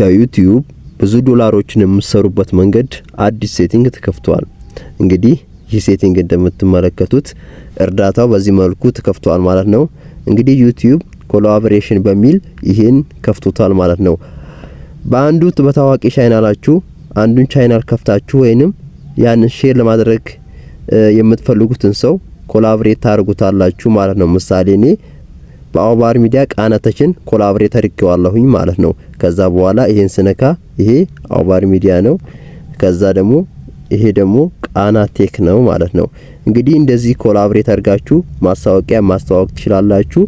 ከዩቲዩብ ብዙ ዶላሮችን የምትሰሩበት መንገድ አዲስ ሴቲንግ ተከፍቷል። እንግዲህ ይህ ሴቲንግ እንደምትመለከቱት እርዳታው በዚህ መልኩ ተከፍቷል ማለት ነው። እንግዲህ ዩቲዩብ ኮላቦሬሽን በሚል ይህን ከፍቶታል ማለት ነው። በአንዱ በታዋቂ ቻይናላችሁ አንዱን ቻይናል ከፍታችሁ ወይንም ያንን ሼር ለማድረግ የምትፈልጉትን ሰው ኮላቦሬት ታደርጉታላችሁ ማለት ነው። ምሳሌ እኔ በአውባር ሚዲያ ቃና ተችን ኮላብሬት አድርጌዋለሁኝ ማለት ነው። ከዛ በኋላ ይሄን ስነካ ይሄ አውባር ሚዲያ ነው። ከዛ ደግሞ ይሄ ደግሞ ቃና ቴክ ነው ማለት ነው። እንግዲህ እንደዚህ ኮላብሬት አድርጋችሁ ማስታወቂያ ማስተዋወቅ ትችላላችሁ።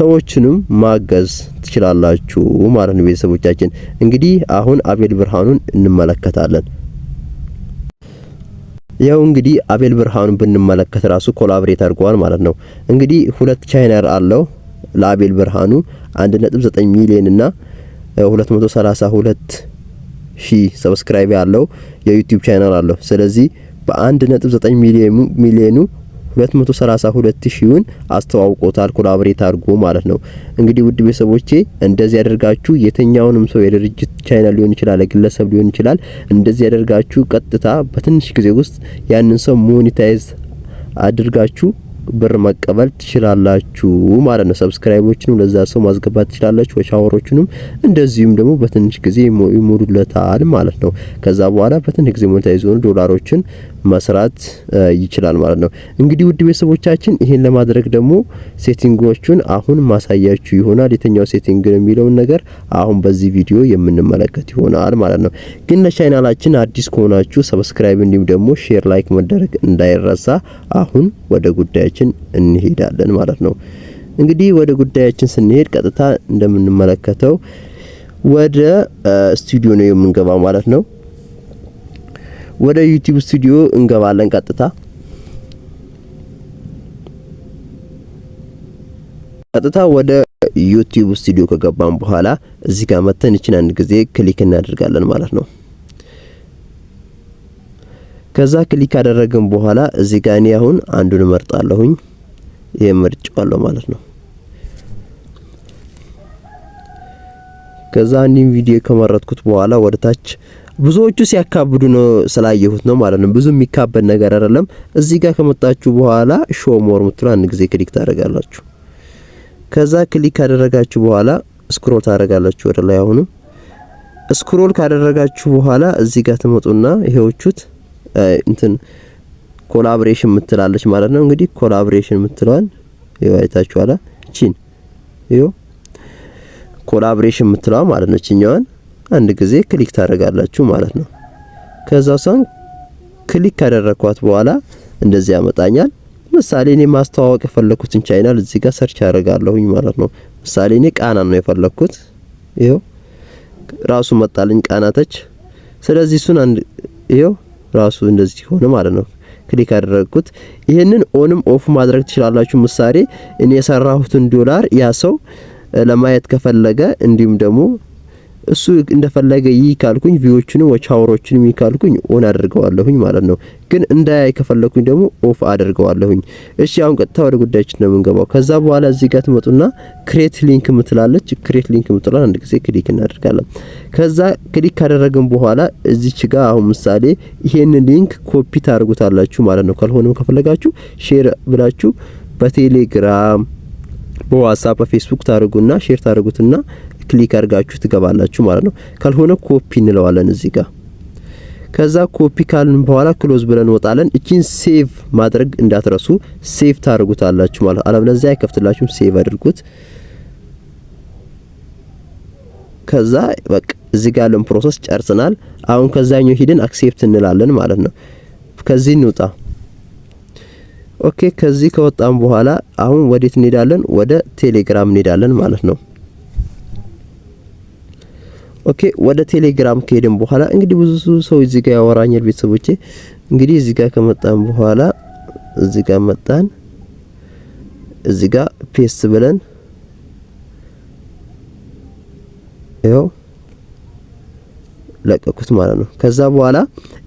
ሰዎችንም ማገዝ ትችላላችሁ ማለት ነው። ቤተሰቦቻችን እንግዲህ አሁን አቤል ብርሃኑን እንመለከታለን። ያው እንግዲህ አቤል ብርሃኑን ብንመለከት ራሱ ኮላብሬት አድርጓል ማለት ነው። እንግዲህ ሁለት ቻይነር አለው ለአቤል ብርሃኑ 1.9 ሚሊዮን እና 232 ሺህ ሰብስክራይብ ያለው የዩቲዩብ ቻናል አለው። ስለዚህ በ1.9 ሚሊዮኑ 232 ሺውን አስተዋውቆታል፣ ኮላብሬት አድርጎ ማለት ነው። እንግዲህ ውድ ቤተሰቦቼ እንደዚህ ያደርጋችሁ የተኛውንም ሰው የድርጅት ቻናል ሊሆን ይችላል፣ ግለሰብ ሊሆን ይችላል። እንደዚህ ያደርጋችሁ ቀጥታ በትንሽ ጊዜ ውስጥ ያንን ሰው ሞኒታይዝ አድርጋችሁ ብር መቀበል ትችላላችሁ ማለት ነው። ሰብስክራይቦችንም ለዛ ሰው ማስገባት ትችላላችሁ። ወሻወሮችንም እንደዚሁም ደግሞ በትንሽ ጊዜ ይሞሉለታል ማለት ነው። ከዛ በኋላ በትንሽ ጊዜ ሞኔታይዝ ሆኑ ዶላሮችን መስራት ይችላል ማለት ነው። እንግዲህ ውድ ቤተሰቦቻችን ይሄን ለማድረግ ደግሞ ሴቲንጎቹን አሁን ማሳያችሁ ይሆናል። የተኛው ሴቲንግ የሚለውን ነገር አሁን በዚህ ቪዲዮ የምንመለከት ይሆናል ማለት ነው። ግን ለቻናላችን አዲስ ከሆናችሁ ሰብስክራይብ፣ እንዲሁም ደግሞ ሼር፣ ላይክ መደረግ እንዳይረሳ። አሁን ወደ ጉዳያችን እንሄዳለን ማለት ነው። እንግዲህ ወደ ጉዳያችን ስንሄድ ቀጥታ እንደምንመለከተው ወደ ስቱዲዮ ነው የምንገባው ማለት ነው። ወደ ዩቲዩብ ስቱዲዮ እንገባለን ቀጥታ ቀጥታ ወደ ዩቲዩብ ስቱዲዮ ከገባን በኋላ እዚህ ጋር መተን ይችን አንድ ጊዜ ክሊክ እናደርጋለን ማለት ነው። ከዛ ክሊክ ካደረግን በኋላ እዚህ ጋር እኔ አሁን አንዱን መርጣለሁኝ። ይሄ መርጫለሁ ማለት ነው። ከዛ አንዲን ቪዲዮ ከመረጥኩት በኋላ ወደ ታች ብዙዎቹ ሲያካብዱ ነው ስላየሁት ነው ማለት ነው። ብዙ የሚካበድ ነገር አይደለም። እዚህ ጋር ከመጣችሁ በኋላ ሾ ሞር ምትሉ አንድ ጊዜ ክሊክ ታደርጋላችሁ። ከዛ ክሊክ ካደረጋችሁ በኋላ ስክሮል ታደርጋላችሁ ወደ ላይ። አሁንም ስክሮል ካደረጋችሁ በኋላ እዚህ ጋር ትመጡና ይሄዎቹት እንትን ኮላብሬሽን ምትላለች ማለት ነው። እንግዲህ ኮላብሬሽን ምትለዋል ይኸው አላ እቺን ይሄው ኮላቦሬሽን ምትለዋ ማለት ነው እቺኛዋን አንድ ጊዜ ክሊክ ታደርጋላችሁ ማለት ነው። ከዛ ሰን ክሊክ ካደረኳት በኋላ እንደዚህ ያመጣኛል። ምሳሌ እኔ ማስተዋወቅ የፈለኩትን ቻይናል እዚህ ጋር ሰርች ያደርጋለሁኝ ማለት ነው። ምሳሌ እኔ ቃና ነው የፈለኩት። ይሄው ራሱ መጣልኝ ቃናተች። ስለዚህ እሱን አንድ ይሄው ራሱ እንደዚህ ሆነ ማለት ነው። ክሊክ ያደረግኩት ይህንን ኦንም ኦፍ ማድረግ ትችላላችሁ። ምሳሌ እኔ የሰራሁትን ዶላር ያ ሰው ለማየት ከፈለገ እንዲሁም ደግሞ እሱ እንደፈለገ ይህ ካልኩኝ ቪዎችንም ወቻውሮችንም ይህ ካልኩኝ ኦን አድርገዋለሁኝ ማለት ነው። ግን እንዳያይ ከፈለኩኝ ደግሞ ኦፍ አድርገዋለሁኝ። እሺ አሁን ቀጥታ ወደ ጉዳያችን ነው የምንገባው። ከዛ በኋላ እዚህ ጋር ትመጡና ክሬት ሊንክ ምትላለች። ክሬት ሊንክ ምትላል አንድ ጊዜ ክሊክ እናደርጋለን። ከዛ ክሊክ ካደረግን በኋላ እዚች ጋር አሁን ምሳሌ ይሄን ሊንክ ኮፒ ታደርጉታላችሁ ማለት ነው። ካልሆነም ከፈለጋችሁ ሼር ብላችሁ በቴሌግራም በዋትሳፕ በፌስቡክ ታደርጉና ሼር ታደርጉትና ክሊክ አድርጋችሁ ትገባላችሁ ማለት ነው። ካልሆነ ኮፒ እንለዋለን እዚህ ጋር። ከዛ ኮፒ ካልን በኋላ ክሎዝ ብለን ወጣለን። እቺን ሴቭ ማድረግ እንዳትረሱ፣ ሴቭ ታደርጉታላችሁ ማለት አለበለዚያ አይከፍትላችሁም። ሴቭ አድርጉት። ከዛ በቃ እዚህ ጋር ያለን ፕሮሰስ ጨርሰናል። አሁን ከዛኛው ሂደን አክሴፕት እንላለን ማለት ነው። ከዚህ እንውጣ። ኦኬ ከዚህ ከወጣን በኋላ አሁን ወዴት እንሄዳለን? ወደ ቴሌግራም እንሄዳለን ማለት ነው። ኦኬ ወደ ቴሌግራም ከሄድን በኋላ እንግዲህ ብዙ ሰው እዚህ ጋር ያወራኛል። ቤተሰቦቼ እንግዲህ እዚህ ጋር ከመጣን በኋላ እዚህ ጋር መጣን። እዚህ ጋር ፔስት ብለን ይኸው ለቀኩት ማለት ነው። ከዛ በኋላ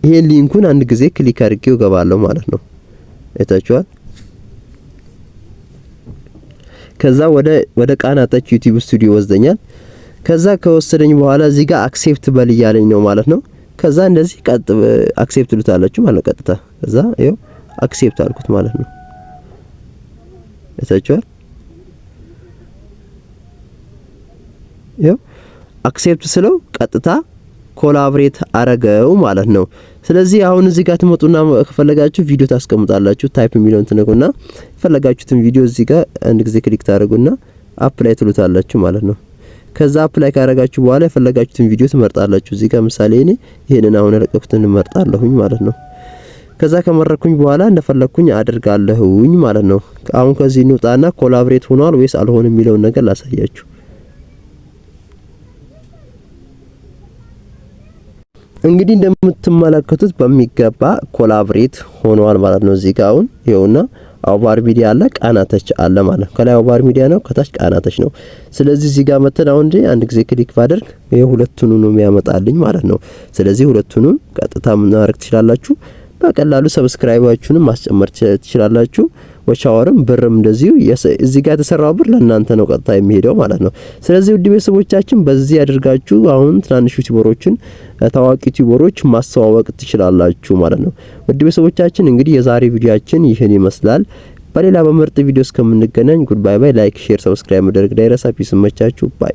ይሄ ሊንኩን አንድ ጊዜ ክሊክ አድርጌው ገባለሁ ማለት ነው። አይታችኋል። ከዛ ወደ ወደ ቃናታች ዩቲዩብ ስቱዲዮ ወስደኛል። ከዛ ከወሰደኝ በኋላ እዚህ ጋር አክሴፕት በል እያለኝ ነው ማለት ነው። ከዛ እንደዚህ ቀጥ አክሴፕት ልታላችሁ ማለት ቀጥታ ከዛ ይኸው አክሴፕት አልኩት ማለት ነው። እታችኋል ይኸው አክሴፕት ስለው ቀጥታ ኮላብሬት አረገው ማለት ነው። ስለዚህ አሁን እዚህ ጋር ትመጡና ከፈለጋችሁ ቪዲዮ ታስቀምጣላችሁ። ታይፕ የሚለውን ትነጉና የፈለጋችሁትን ቪዲዮ እዚህ ጋር አንድ ጊዜ ክሊክ ታደርጉና አፕላይ ትሉታላችሁ ማለት ነው። ከዛ አፕላይ ካረጋችሁ በኋላ የፈለጋችሁትን ቪዲዮ ትመርጣላችሁ። እዚህ ጋር ምሳሌ እኔ ይሄንን አሁን የለቀኩትን እመርጣለሁኝ ማለት ነው። ከዛ ከመረኩኝ በኋላ እንደፈለኩኝ አድርጋለሁኝ ማለት ነው። አሁን ከዚህ እንውጣና ኮላብሬት ሆኗል ወይስ አልሆነም የሚለውን ነገር ላሳያችሁ። እንግዲህ እንደምትመለከቱት በሚገባ ኮላብሬት ሆኗል ማለት ነው። እዚህ ጋር አሁን ይኸውና አውባር ሚዲያ አለ፣ ቃናተች አለ ማለት ነው። ከላይ አውባር ሚዲያ ነው፣ ከታች ቃናተች ነው። ስለዚህ እዚህ ጋር መተን አሁን አንድ ጊዜ ክሊክ ባደርግ ይሄ ነው የሚያመጣልኝ ማለት ነው። ስለዚህ ሁለቱንም ቀጥታ ምን ማድረግ ትችላላችሁ በቀላሉ ሰብስክራይባችሁንም ማስጨመር ትችላላችሁ። ወቻወርም ብርም እንደዚሁ እዚህ ጋር የተሰራው ብር ለእናንተ ነው ቀጥታ የሚሄደው ማለት ነው። ስለዚህ ውድ ቤተሰቦቻችን በዚህ ያደርጋችሁ አሁን ትናንሽ ዩቲዩበሮችን ታዋቂ ዩቲዩበሮች ማስተዋወቅ ትችላላችሁ ማለት ነው። ውድ ቤተሰቦቻችን እንግዲህ የዛሬ ቪዲዮአችን ይህን ይመስላል። በሌላ በምርጥ ቪዲዮ እስከምንገናኝ ጉድ ባይ ባይ። ላይክ፣ ሼር፣ ሰብስክራይብ መደረግ እንዳይረሳ። ፒስ መቻችሁ ባይ